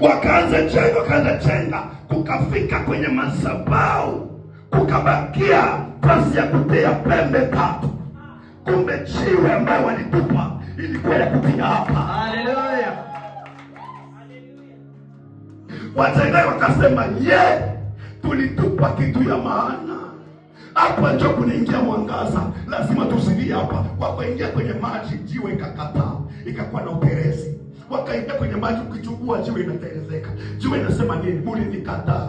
wakaanza chai, wakaanza chenga, kukafika kwenye masabau kukabakia pasi ya kutia pembe tatu. Kumbe chiwe ambayo walitupa ilikuwa ya kutia hapa. Haleluya! wakasema ye, tulitupa kitu ya maana hapa njo kunaingia mwangaza, lazima tusigia hapa. Wakaingia kwenye maji, jiwe ikakataa, ikakuwa na uperezi wakaingia kwenye maji, ukichukua jiwe inaterezeka. Jiwe inasema nini? Mlinikataa,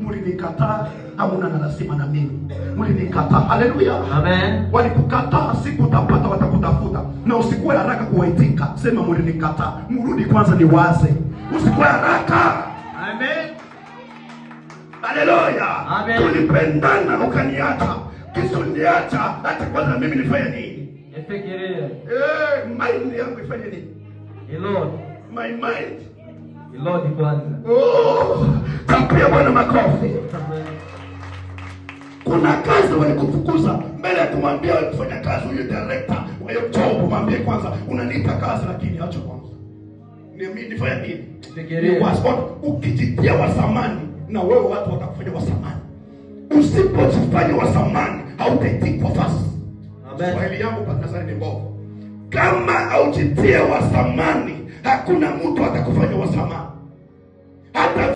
mlinikataa, hamuna na lazima na mimi. Mlinikataa, haleluya, amen. Walikukataa, utapata, watakutafuta na usikuwe haraka kuwaitika. Sema mlinikataa, mrudi kwanza ni waze, usikuwe haraka, amen. Haleluya, amen. Tulipendana ukaniacha, kisha uniacha, hata kwanza mimi nifanye nini? Nifikirie eh, maini yangu ifanye nini? Lord. My mind. Lord Oh, tampia Bwana makofi. Kuna kazi walikufukuza mbele ya kumwambia wewe kufanya kazi huyo director. Wewe mwambie kwanza unaniita kazi lakini acha kwanza. Ni nini? ukijitia wa na wewe watu watakufanya wa samani. Usipojifanya wa hautaitikwa fasi. Swahili yangu pakazani ni mbovu. Kama haujitie wasamani, hakuna mtu atakufanya wasamani.